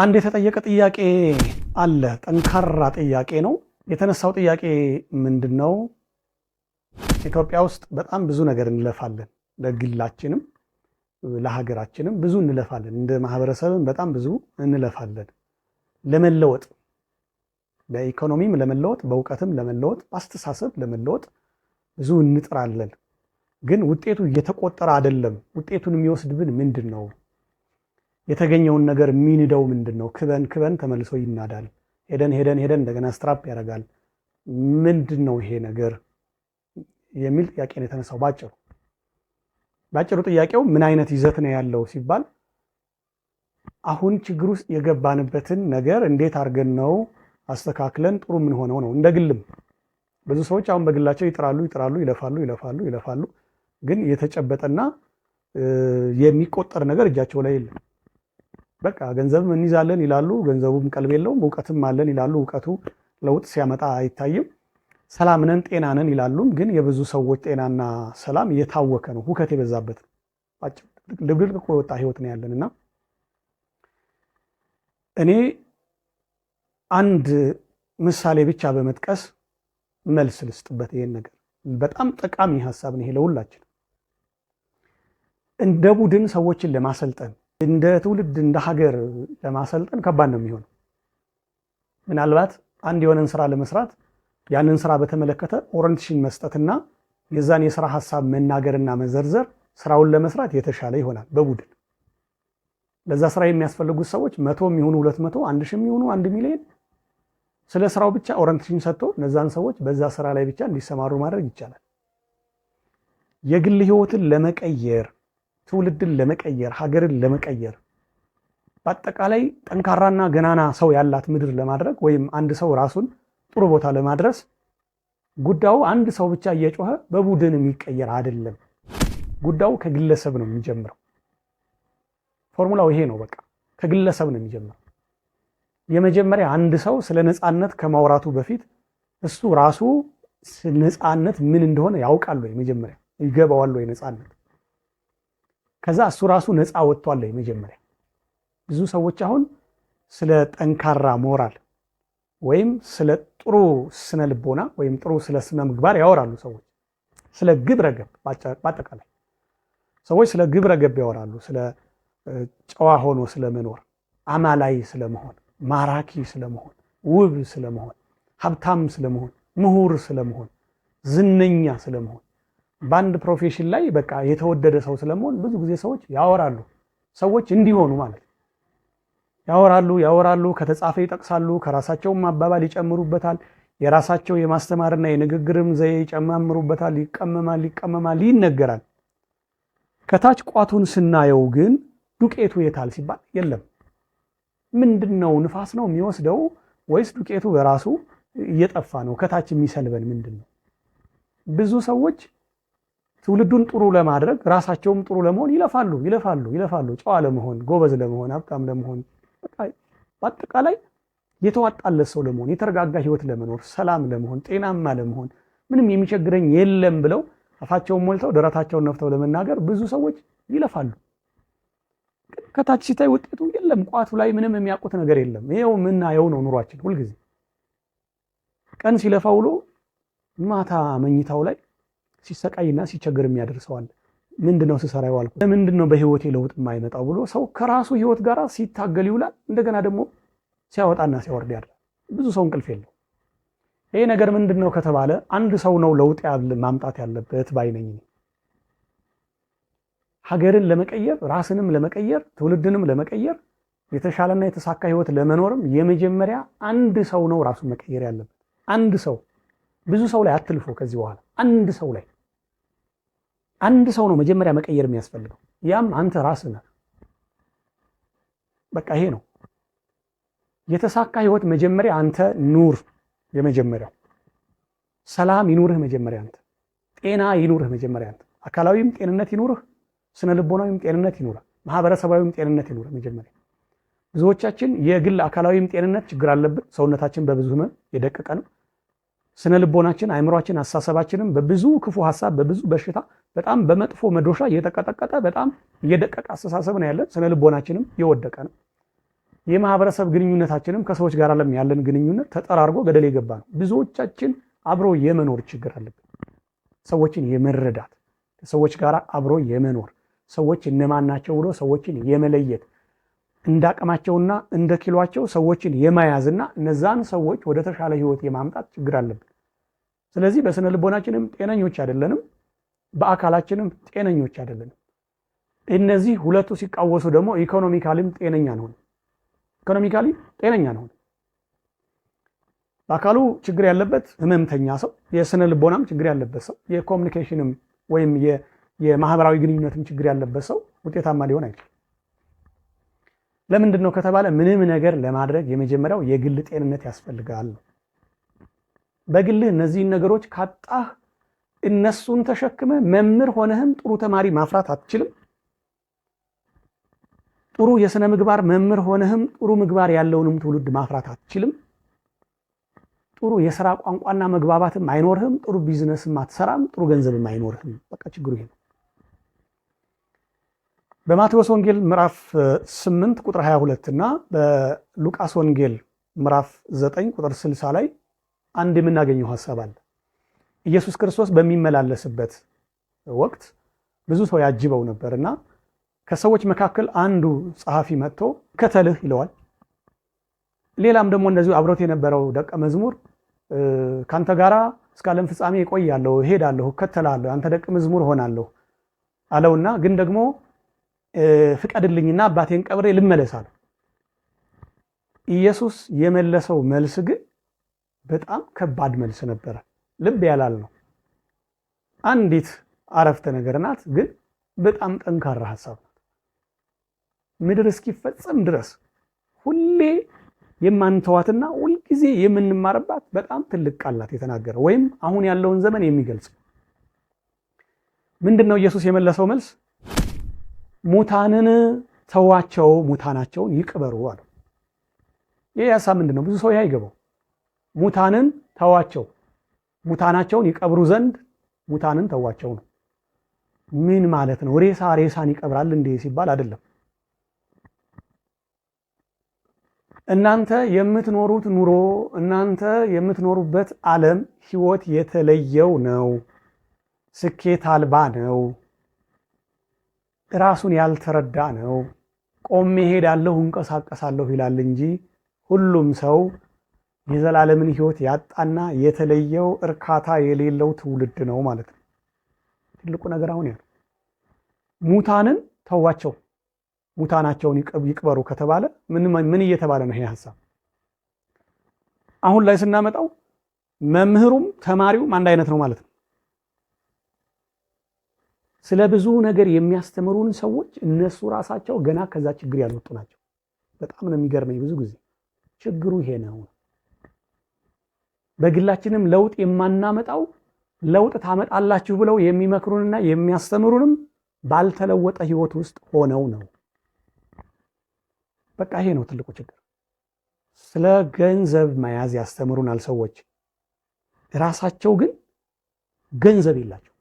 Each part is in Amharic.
አንድ የተጠየቀ ጥያቄ አለ። ጠንካራ ጥያቄ ነው። የተነሳው ጥያቄ ምንድን ነው? ኢትዮጵያ ውስጥ በጣም ብዙ ነገር እንለፋለን። ለግላችንም ለሀገራችንም ብዙ እንለፋለን። እንደ ማህበረሰብም በጣም ብዙ እንለፋለን ለመለወጥ በኢኮኖሚም ለመለወጥ በእውቀትም ለመለወጥ በአስተሳሰብ ለመለወጥ ብዙ እንጥራለን። ግን ውጤቱ እየተቆጠረ አይደለም። ውጤቱን የሚወስድብን ምንድን ነው? የተገኘውን ነገር የሚንደው ምንድን ነው? ክበን ክበን ተመልሶ ይናዳል። ሄደን ሄደን ሄደን እንደገና ስትራፕ ያደርጋል። ምንድን ነው ይሄ ነገር የሚል ጥያቄ ነው የተነሳው። ባጭሩ ባጭሩ ጥያቄው ምን አይነት ይዘት ነው ያለው ሲባል አሁን ችግር ውስጥ የገባንበትን ነገር እንዴት አድርገን ነው አስተካክለን ጥሩ ምን ሆነው ነው። እንደ ግልም ብዙ ሰዎች አሁን በግላቸው ይጥራሉ ይጥራሉ፣ ይለፋሉ ይለፋሉ ይለፋሉ፣ ግን የተጨበጠና የሚቆጠር ነገር እጃቸው ላይ የለም። በቃ ገንዘብም እንይዛለን ይላሉ፣ ገንዘቡም ቀልብ የለውም። እውቀትም አለን ይላሉ፣ እውቀቱ ለውጥ ሲያመጣ አይታይም። ሰላምነን ጤናነን ይላሉም፣ ግን የብዙ ሰዎች ጤናና ሰላም እየታወከ ነው፣ ሁከት የበዛበት ልብልቅ ወጣ ህይወት ነው ያለን እና እኔ አንድ ምሳሌ ብቻ በመጥቀስ መልስ ልስጥበት። ይሄን ነገር በጣም ጠቃሚ ሀሳብ ነው ይሄ ለሁላችን። እንደ ቡድን ሰዎችን ለማሰልጠን እንደ ትውልድ እንደ ሀገር ለማሰልጠን ከባድ ነው የሚሆነው። ምናልባት አንድ የሆነን ስራ ለመስራት ያንን ስራ በተመለከተ ኦሪንቴሽን መስጠትና የዛን የስራ ሀሳብ መናገርና መዘርዘር ስራውን ለመስራት የተሻለ ይሆናል። በቡድን ለዛ ስራ የሚያስፈልጉት ሰዎች መቶ የሚሆኑ ሁለት መቶ አንድ ሺህ የሚሆኑ አንድ ሚሊዮን ስለ ስራው ብቻ ኦሪንቴሽን ሰጥቶ እነዛን ሰዎች በዛ ስራ ላይ ብቻ እንዲሰማሩ ማድረግ ይቻላል። የግል ህይወትን ለመቀየር ትውልድን ለመቀየር ሀገርን ለመቀየር በአጠቃላይ ጠንካራና ገናና ሰው ያላት ምድር ለማድረግ ወይም አንድ ሰው ራሱን ጥሩ ቦታ ለማድረስ ጉዳዩ አንድ ሰው ብቻ እየጮኸ በቡድን የሚቀየር አይደለም። ጉዳዩ ከግለሰብ ነው የሚጀምረው። ፎርሙላው ይሄ ነው። በቃ ከግለሰብ ነው የሚጀምረው። የመጀመሪያ አንድ ሰው ስለ ነፃነት ከማውራቱ በፊት እሱ ራሱ ነፃነት ምን እንደሆነ ያውቃል ወይ? መጀመሪያ ይገባዋል ወይ ነፃነት ከዛ እሱ ራሱ ነፃ ወጥቷል። መጀመሪያ ብዙ ሰዎች አሁን ስለ ጠንካራ ሞራል ወይም ስለ ጥሩ ስነ ልቦና ወይም ጥሩ ስለ ስነ ምግባር ያወራሉ። ሰዎች ስለ ግብረ ገብ በአጠቃላይ ሰዎች ስለ ግብረ ገብ ያወራሉ። ስለ ጨዋ ሆኖ ስለመኖር፣ አማላይ ስለመሆን፣ ማራኪ ስለመሆን፣ ውብ ስለመሆን፣ ሀብታም ስለመሆን፣ ምሁር ስለመሆን፣ ዝነኛ ስለመሆን በአንድ ፕሮፌሽን ላይ በቃ የተወደደ ሰው ስለመሆን ብዙ ጊዜ ሰዎች ያወራሉ። ሰዎች እንዲሆኑ ማለት ያወራሉ ያወራሉ፣ ከተጻፈ ይጠቅሳሉ፣ ከራሳቸውም አባባል ይጨምሩበታል። የራሳቸው የማስተማርና የንግግርም ዘዬ ይጨማምሩበታል። ይቀመማል ይቀመማል፣ ይነገራል። ከታች ቋቱን ስናየው ግን ዱቄቱ የታል ሲባል የለም። ምንድን ነው? ንፋስ ነው የሚወስደው ወይስ ዱቄቱ በራሱ እየጠፋ ነው? ከታች የሚሰልበን ምንድን ነው? ብዙ ሰዎች ትውልዱን ጥሩ ለማድረግ ራሳቸውም ጥሩ ለመሆን ይለፋሉ ይለፋሉ ይለፋሉ። ጨዋ ለመሆን፣ ጎበዝ ለመሆን፣ ሀብታም ለመሆን በአጠቃላይ የተዋጣለት ሰው ለመሆን፣ የተረጋጋ ህይወት ለመኖር፣ ሰላም ለመሆን፣ ጤናማ ለመሆን ምንም የሚቸግረኝ የለም ብለው አፋቸውን ሞልተው ደረታቸውን ነፍተው ለመናገር ብዙ ሰዎች ይለፋሉ። ከታች ሲታይ ውጤቱ የለም። ቋቱ ላይ ምንም የሚያውቁት ነገር የለም። ይኸው የምናየው ነው ኑሯችን ሁልጊዜ። ቀን ሲለፋ ውሎ ማታ መኝታው ላይ ሲሰቃይና ሲቸግር የሚያደርሰዋል። ምንድነው ስሰራ የዋልኩት? ለምንድነው በህይወቴ ለውጥ የማይመጣው ብሎ ሰው ከራሱ ህይወት ጋር ሲታገል ይውላል። እንደገና ደግሞ ሲያወጣና ሲያወርድ ያድራል። ብዙ ሰው እንቅልፍ የለው። ይህ ነገር ምንድን ነው ከተባለ አንድ ሰው ነው ለውጥ ማምጣት ያለበት ባይነኝ ሀገርን ለመቀየር ራስንም ለመቀየር ትውልድንም ለመቀየር የተሻለና የተሳካ ህይወት ለመኖርም የመጀመሪያ አንድ ሰው ነው ራሱን መቀየር ያለበት። አንድ ሰው ብዙ ሰው ላይ አትልፎ ከዚህ በኋላ አንድ ሰው ላይ አንድ ሰው ነው መጀመሪያ መቀየር የሚያስፈልገው። ያም አንተ ራስህ ነህ። በቃ ይሄ ነው የተሳካ ህይወት። መጀመሪያ አንተ ኑር። የመጀመሪያው ሰላም ይኑርህ መጀመሪያ አንተ። ጤና ይኑርህ መጀመሪያ አንተ። አካላዊም ጤንነት ይኑርህ፣ ስነ ልቦናዊም ጤንነት ይኑርህ፣ ማህበረሰባዊም ጤንነት ይኑርህ መጀመሪያ። ብዙዎቻችን የግል አካላዊም ጤንነት ችግር አለብን። ሰውነታችን በብዙ ህመም የደቀቀ ነው። ስነ ልቦናችን፣ አይምሯችን አሳሰባችንም በብዙ ክፉ ሀሳብ፣ በብዙ በሽታ፣ በጣም በመጥፎ መዶሻ እየተቀጠቀጠ በጣም እየደቀቀ አስተሳሰብ ነው ያለን። ስነ ልቦናችንም የወደቀ ነው። የማህበረሰብ ግንኙነታችንም ከሰዎች ጋር ለም ያለን ግንኙነት ተጠራርጎ ገደል የገባ ነው። ብዙዎቻችን አብሮ የመኖር ችግር አለብን። ሰዎችን የመረዳት ከሰዎች ጋር አብሮ የመኖር ሰዎች እነማን ናቸው ብሎ ሰዎችን የመለየት እንደ እንደ ኪሏቸው ሰዎችን የመያዝና እነዛን ሰዎች ወደ ተሻለ ህይወት የማምጣት ችግር አለብን። ስለዚህ በስነ ልቦናችንም ጤነኞች አይደለንም፣ በአካላችንም ጤነኞች አይደለንም። እነዚህ ሁለቱ ሲቃወሱ ደግሞ ኢኮኖሚካሊም ጤነኛ አንሆንም። ኢኮኖሚካሊ ጤነኛ አንሆንም። በአካሉ ችግር ያለበት ህመምተኛ ሰው፣ የስነ ልቦናም ችግር ያለበት ሰው፣ የኮሚኒኬሽንም ወይም የማህበራዊ ግንኙነትም ችግር ያለበት ሰው ውጤታማ ሊሆን አይችልም። ለምንድን ነው ከተባለ ምንም ነገር ለማድረግ የመጀመሪያው የግል ጤንነት ያስፈልጋል። በግልህ እነዚህን ነገሮች ካጣህ እነሱን ተሸክመ መምህር ሆነህም ጥሩ ተማሪ ማፍራት አትችልም። ጥሩ የሥነ ምግባር መምህር ሆነህም ጥሩ ምግባር ያለውንም ትውልድ ማፍራት አትችልም። ጥሩ የሥራ ቋንቋና መግባባትም አይኖርህም። ጥሩ ቢዝነስም አትሰራም። ጥሩ ገንዘብም አይኖርህም። በቃ ችግሩ ይሄ ነው። በማቴዎስ ወንጌል ምዕራፍ 8 ቁጥር 22 እና በሉቃስ ወንጌል ምዕራፍ 9 ቁጥር 60 ላይ አንድ የምናገኘው ሀሳብ አለ። ኢየሱስ ክርስቶስ በሚመላለስበት ወቅት ብዙ ሰው ያጅበው ነበር እና ከሰዎች መካከል አንዱ ጸሐፊ መጥቶ ከተልህ ይለዋል። ሌላም ደግሞ እንደዚሁ አብሮት የነበረው ደቀ መዝሙር ከአንተ ጋራ እስከ ዓለም ፍጻሜ እቆያለሁ፣ እሄዳለሁ፣ እከተላለሁ፣ አንተ ደቀ መዝሙር ሆናለሁ አለውና ግን ደግሞ ፍቀድልኝና አባቴን ቀብሬ ልመለሳለሁ። ኢየሱስ የመለሰው መልስ ግን በጣም ከባድ መልስ ነበረ። ልብ ያላል ነው። አንዲት አረፍተ ነገር ናት፣ ግን በጣም ጠንካራ ሀሳብ ናት። ምድር እስኪፈጸም ድረስ ሁሌ የማንተዋትና ሁልጊዜ የምንማርባት በጣም ትልቅ ቃላት የተናገረ ወይም አሁን ያለውን ዘመን የሚገልጽ ምንድን ነው? ኢየሱስ የመለሰው መልስ ሙታንን ተዋቸው፣ ሙታናቸውን ይቅበሩ አለ። ይህ ሀሳብ ምንድን ነው? ብዙ ሰው ይህ አይገባው። ሙታንን ተዋቸው፣ ሙታናቸውን ይቀብሩ ዘንድ ሙታንን ተዋቸው ነው። ምን ማለት ነው? ሬሳ ሬሳን ይቀብራል እንዴ ሲባል አይደለም። እናንተ የምትኖሩት ኑሮ እናንተ የምትኖሩበት ዓለም ሕይወት የተለየው ነው። ስኬት አልባ ነው። ራሱን ያልተረዳ ነው። ቆሜ እሄዳለሁ እንቀሳቀሳለሁ ይላል እንጂ ሁሉም ሰው የዘላለምን ህይወት ያጣና የተለየው እርካታ የሌለው ትውልድ ነው ማለት ነው። ትልቁ ነገር አሁን ያለው ሙታንን ተዋቸው፣ ሙታናቸውን ይቅበሩ ከተባለ ምን እየተባለ ነው? ይሄ ሀሳብ አሁን ላይ ስናመጣው መምህሩም ተማሪውም አንድ አይነት ነው ማለት ነው። ስለ ብዙ ነገር የሚያስተምሩን ሰዎች እነሱ ራሳቸው ገና ከዛ ችግር ያልወጡ ናቸው። በጣም ነው የሚገርመኝ። ብዙ ጊዜ ችግሩ ይሄ ነው። በግላችንም ለውጥ የማናመጣው ለውጥ ታመጣላችሁ ብለው የሚመክሩንና የሚያስተምሩንም ባልተለወጠ ህይወት ውስጥ ሆነው ነው። በቃ ይሄ ነው ትልቁ ችግር። ስለ ገንዘብ መያዝ ያስተምሩናል ሰዎች፣ ራሳቸው ግን ገንዘብ የላቸው።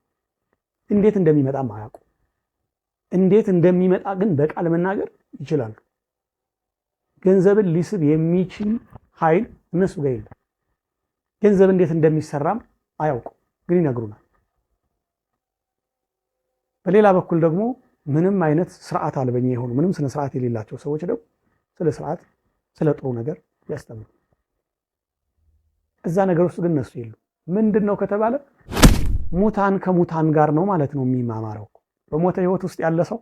እንዴት እንደሚመጣም ማያውቁ፣ እንዴት እንደሚመጣ ግን በቃል መናገር ይችላሉ። ገንዘብን ሊስብ የሚችል ኃይል እነሱ ጋር የለም። ገንዘብ እንዴት እንደሚሰራም አያውቁም፣ ግን ይነግሩናል። በሌላ በኩል ደግሞ ምንም አይነት ስርዓት አልበኛ የሆኑ ምንም ስነ ስርዓት የሌላቸው ሰዎች ደግሞ ስለ ስርዓት፣ ስለ ጥሩ ነገር ያስተምሩ። እዛ ነገር ውስጥ ግን እነሱ የሉ። ምንድን ነው ከተባለ ሙታን ከሙታን ጋር ነው ማለት ነው የሚማማረው። በሞተ ህይወት ውስጥ ያለ ሰው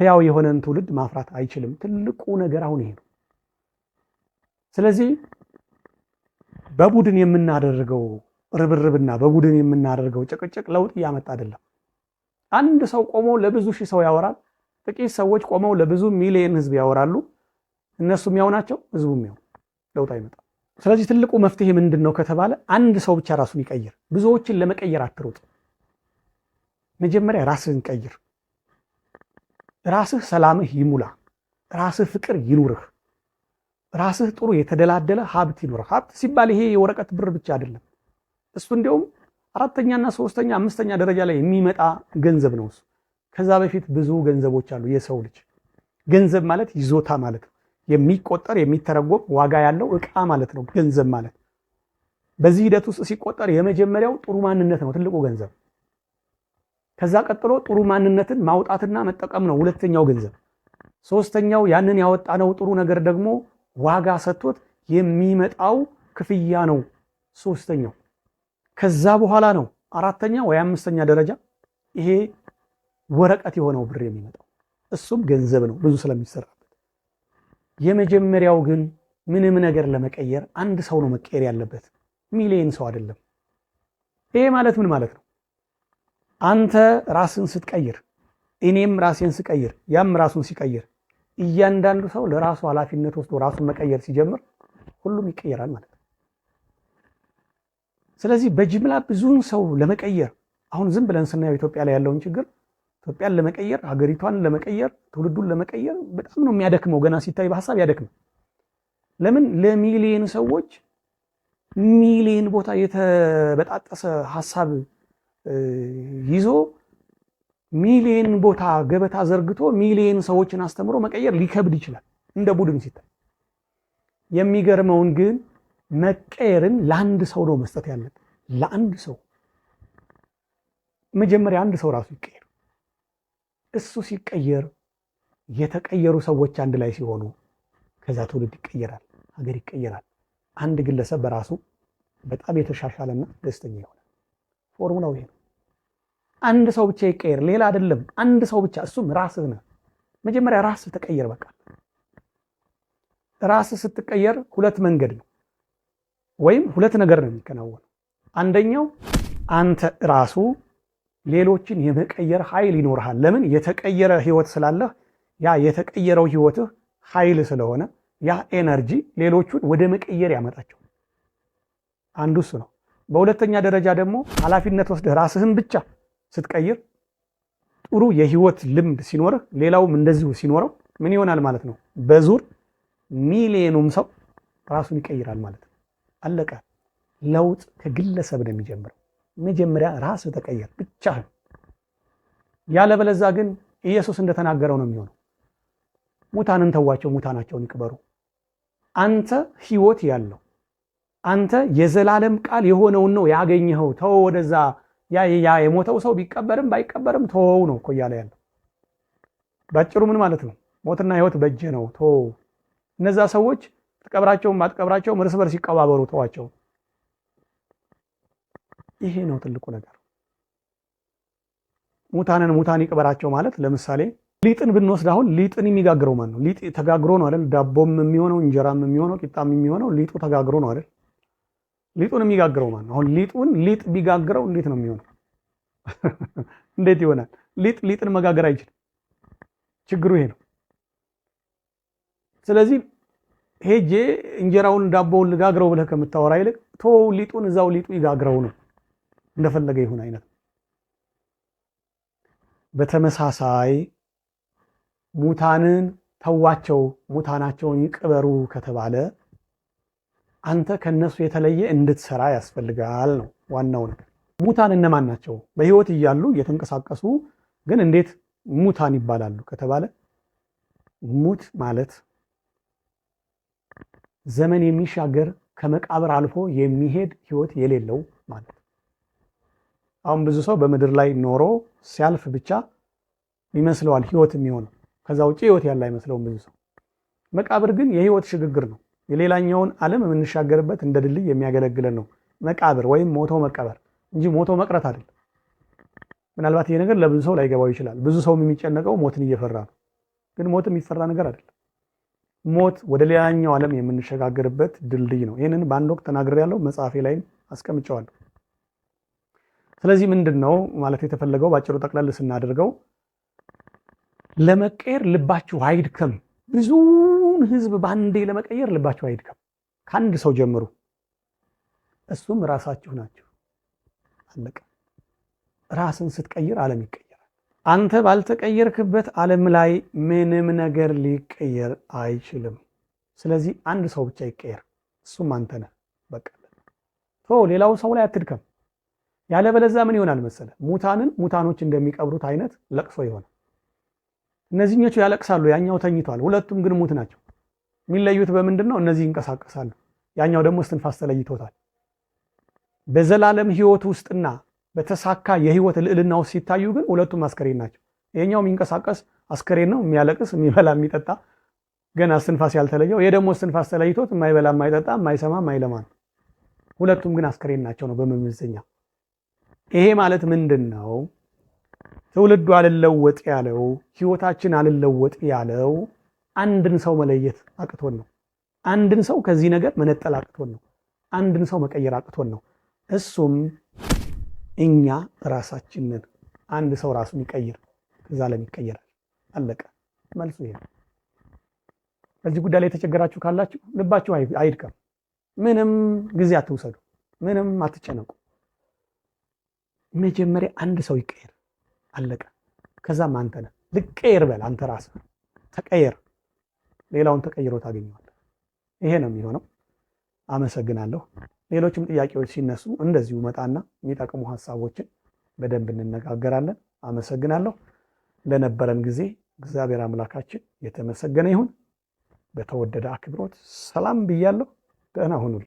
ህያው የሆነን ትውልድ ማፍራት አይችልም። ትልቁ ነገር አሁን ይሄ ነው። ስለዚህ በቡድን የምናደርገው ርብርብና በቡድን የምናደርገው ጭቅጭቅ ለውጥ እያመጣ አይደለም። አንድ ሰው ቆሞ ለብዙ ሺህ ሰው ያወራል። ጥቂት ሰዎች ቆመው ለብዙ ሚሊየን ህዝብ ያወራሉ። እነሱ የሚያው ናቸው፣ ህዝቡ የሚያው ለውጥ አይመጣም። ስለዚህ ትልቁ መፍትሄ ምንድን ነው ከተባለ አንድ ሰው ብቻ ራሱን ይቀይር። ብዙዎችን ለመቀየር አትሮጥ። መጀመሪያ ራስህን ቀይር። ራስህ ሰላምህ ይሙላ። ራስህ ፍቅር ይኑርህ። ራስህ ጥሩ የተደላደለ ሀብት ይኑር። ሀብት ሲባል ይሄ የወረቀት ብር ብቻ አይደለም። እሱ እንዲያውም አራተኛና ሶስተኛ አምስተኛ ደረጃ ላይ የሚመጣ ገንዘብ ነው እሱ። ከዛ በፊት ብዙ ገንዘቦች አሉ። የሰው ልጅ ገንዘብ ማለት ይዞታ ማለት ነው። የሚቆጠር የሚተረጎም ዋጋ ያለው እቃ ማለት ነው ገንዘብ ማለት። በዚህ ሂደት ውስጥ ሲቆጠር የመጀመሪያው ጥሩ ማንነት ነው ትልቁ ገንዘብ። ከዛ ቀጥሎ ጥሩ ማንነትን ማውጣትና መጠቀም ነው ሁለተኛው ገንዘብ። ሶስተኛው ያንን ያወጣነው ጥሩ ነገር ደግሞ ዋጋ ሰጥቶት የሚመጣው ክፍያ ነው። ሶስተኛው ከዛ በኋላ ነው አራተኛ ወይ አምስተኛ ደረጃ ይሄ ወረቀት የሆነው ብር የሚመጣው እሱም ገንዘብ ነው፣ ብዙ ስለሚሰራበት። የመጀመሪያው ግን ምንም ነገር ለመቀየር አንድ ሰው ነው መቀየር ያለበት፣ ሚሊየን ሰው አይደለም። ይሄ ማለት ምን ማለት ነው? አንተ ራስን ስትቀይር፣ እኔም ራሴን ስቀይር፣ ያም ራሱን ሲቀይር እያንዳንዱ ሰው ለራሱ ኃላፊነት ወስዶ ራሱን መቀየር ሲጀምር ሁሉም ይቀየራል ማለት ነው። ስለዚህ በጅምላ ብዙውን ሰው ለመቀየር አሁን ዝም ብለን ስናየው ኢትዮጵያ ላይ ያለውን ችግር ኢትዮጵያን ለመቀየር ሀገሪቷን ለመቀየር ትውልዱን ለመቀየር በጣም ነው የሚያደክመው። ገና ሲታይ በሀሳብ ያደክመው። ለምን ለሚሊየን ሰዎች ሚሊየን ቦታ የተበጣጠሰ ሀሳብ ይዞ ሚሊየን ቦታ ገበታ ዘርግቶ ሚሊየን ሰዎችን አስተምሮ መቀየር ሊከብድ ይችላል እንደ ቡድን ሲታይ። የሚገርመውን ግን መቀየርን ለአንድ ሰው ነው መስጠት ያለን። ለአንድ ሰው መጀመሪያ አንድ ሰው ራሱ ይቀየር። እሱ ሲቀየር የተቀየሩ ሰዎች አንድ ላይ ሲሆኑ ከዛ ትውልድ ይቀየራል፣ ሀገር ይቀየራል። አንድ ግለሰብ በራሱ በጣም የተሻሻለና ደስተኛ ይሆናል። ፎርሙላው ይሄ ነው። አንድ ሰው ብቻ ይቀየር፣ ሌላ አይደለም። አንድ ሰው ብቻ እሱም ራስህ ነህ። መጀመሪያ ራስህ ተቀየር። በቃ ራስህ ስትቀየር ሁለት መንገድ ነው ወይም ሁለት ነገር ነው የሚከናወነው። አንደኛው አንተ ራሱ ሌሎችን የመቀየር ኃይል ይኖርሃል። ለምን? የተቀየረ ህይወት ስላለህ ያ የተቀየረው ህይወትህ ኃይል ስለሆነ ያ ኤነርጂ ሌሎቹን ወደ መቀየር ያመጣቸው አንዱ እሱ ነው። በሁለተኛ ደረጃ ደግሞ ኃላፊነት ወስደህ ራስህን ብቻ ስትቀይር ጥሩ የህይወት ልምድ ሲኖርህ ሌላውም እንደዚሁ ሲኖረው ምን ይሆናል ማለት ነው? በዙር ሚሊየኑም ሰው ራሱን ይቀይራል ማለት ነው። አለቀ። ለውጥ ከግለሰብ ነው የሚጀምረው። መጀመሪያ ራስ ተቀየር ብቻህን። ያለበለዛ ግን ኢየሱስ እንደተናገረው ነው የሚሆነው። ሙታንን ተዋቸው፣ ሙታናቸውን ይቅበሩ። አንተ ህይወት ያለው አንተ የዘላለም ቃል የሆነውን ነው ያገኘኸው። ተው ወደዛ ያ የሞተው ሰው ቢቀበርም ባይቀበርም ተወው ነው እኮ እያለ ያለው። ባጭሩ ምን ማለት ነው? ሞትና ህይወት በእጅ ነው፣ ተወው። እነዛ ሰዎች ትቀብራቸውም አትቀብራቸውም እርስ በርስ ይቀባበሩ፣ ተዋቸው። ይሄ ነው ትልቁ ነገር። ሙታንን ሙታን ይቅበራቸው ማለት ለምሳሌ ሊጥን ብንወስድ አሁን ሊጥን የሚጋግረው ማን ነው? ሊጥ ተጋግሮ ነው አይደል? ዳቦም የሚሆነው እንጀራም የሚሆነው ቂጣም የሚሆነው ሊጡ ተጋግሮ ነው አይደል? ሊጡን የሚጋግረው ማለት አሁን ሊጡን ሊጥ ቢጋግረው እንዴት ነው የሚሆነው? እንዴት ይሆናል? ሊጥ ሊጥን መጋገር አይችልም። ችግሩ ይሄ ነው። ስለዚህ ሄጄ እንጀራውን ዳቦውን ልጋግረው ብለህ ከምታወራ ይልቅ ቶ ሊጡን እዛው ሊጡ ይጋግረው ነው እንደፈለገ ይሁን አይነት በተመሳሳይ ሙታንን ተዋቸው፣ ሙታናቸውን ይቅበሩ ከተባለ አንተ ከነሱ የተለየ እንድትሰራ ያስፈልጋል ነው ዋናው ነገር። ሙታን እነማን ናቸው? በህይወት እያሉ እየተንቀሳቀሱ ግን እንዴት ሙታን ይባላሉ ከተባለ ሙት ማለት ዘመን የሚሻገር ከመቃብር አልፎ የሚሄድ ህይወት የሌለው ማለት። አሁን ብዙ ሰው በምድር ላይ ኖሮ ሲያልፍ ብቻ ይመስለዋል ህይወት የሚሆነው። ከዛ ውጭ ህይወት ያለ አይመስለውም ብዙ ሰው። መቃብር ግን የህይወት ሽግግር ነው። የሌላኛውን ዓለም የምንሻገርበት እንደ ድልድይ የሚያገለግለን ነው መቃብር ወይም ሞቶ መቀበር እንጂ ሞቶ መቅረት አይደል። ምናልባት ይሄ ነገር ለብዙ ሰው ላይገባው ይችላል። ብዙ ሰው የሚጨነቀው ሞትን እየፈራ ነው። ግን ሞት የሚፈራ ነገር አይደል። ሞት ወደ ሌላኛው ዓለም የምንሸጋገርበት ድልድይ ነው። ይህንን በአንድ ወቅት ያለው መጽሐፌ ላይም አስቀምጨዋለሁ። ስለዚህ ምንድን ነው ማለት የተፈለገው በአጭሩ ጠቅለል ስናደርገው ለመቀየር ልባችሁ አይድከም ብዙ ሁሉን ህዝብ በአንዴ ለመቀየር ልባቸው አይድከም። ከአንድ ሰው ጀምሩ። እሱም ራሳችሁ ናችሁ። አለቀ። ራስን ስትቀይር ዓለም ይቀየራል። አንተ ባልተቀየርክበት ዓለም ላይ ምንም ነገር ሊቀየር አይችልም። ስለዚህ አንድ ሰው ብቻ ይቀየር፣ እሱም አንተ ነህ። በቃ ቶ ሌላው ሰው ላይ አትድከም። ያለበለዚያ ምን ይሆናል መሰለ ሙታንን ሙታኖች እንደሚቀብሩት አይነት ለቅሶ ይሆናል። እነዚህኞቹ ያለቅሳሉ፣ ያኛው ተኝቷል። ሁለቱም ግን ሙት ናቸው። የሚለዩት በምንድን ነው? እነዚህ ይንቀሳቀሳሉ፣ ያኛው ደግሞ እስትንፋስ ተለይቶታል። በዘላለም ህይወት ውስጥና በተሳካ የህይወት ልዕልና ውስጥ ሲታዩ ግን ሁለቱም አስከሬን ናቸው። ይሄኛው የሚንቀሳቀስ አስከሬን ነው፣ የሚያለቅስ፣ የሚበላ፣ የሚጠጣ ገና እስትንፋስ ያልተለየው። ይሄ ደግሞ እስትንፋስ ተለይቶት የማይበላ፣ የማይጠጣ፣ የማይሰማ፣ የማይለማ ነው። ሁለቱም ግን አስከሬን ናቸው ነው በመመዘኛ። ይሄ ማለት ምንድን ነው? ትውልዱ አልለወጥ ያለው ህይወታችን አልለወጥ ያለው አንድን ሰው መለየት አቅቶን ነው። አንድን ሰው ከዚህ ነገር መነጠል አቅቶን ነው። አንድን ሰው መቀየር አቅቶን ነው። እሱም እኛ ራሳችንን። አንድ ሰው ራሱን ይቀይር፣ ከዛ ዓለም ይቀየራል። አለቀ። መልሱ ይሄ ነው። በዚህ ጉዳይ ላይ የተቸገራችሁ ካላችሁ ልባችሁ አይድከም። ምንም ጊዜ አትውሰዱ። ምንም አትጨነቁ። መጀመሪያ አንድ ሰው ይቀየር፣ አለቀ። ከዛም አንተ ነህ ልቀየር በል። አንተ ራስህ ተቀየር። ሌላውን ተቀይሮ ታገኘዋለህ። ይሄ ነው የሚሆነው። አመሰግናለሁ። ሌሎችም ጥያቄዎች ሲነሱ እንደዚሁ መጣና የሚጠቅሙ ሀሳቦችን በደንብ እንነጋገራለን። አመሰግናለሁ። ለነበረን ጊዜ እግዚአብሔር አምላካችን የተመሰገነ ይሁን። በተወደደ አክብሮት ሰላም ብያለሁ። ደህና ሁኑል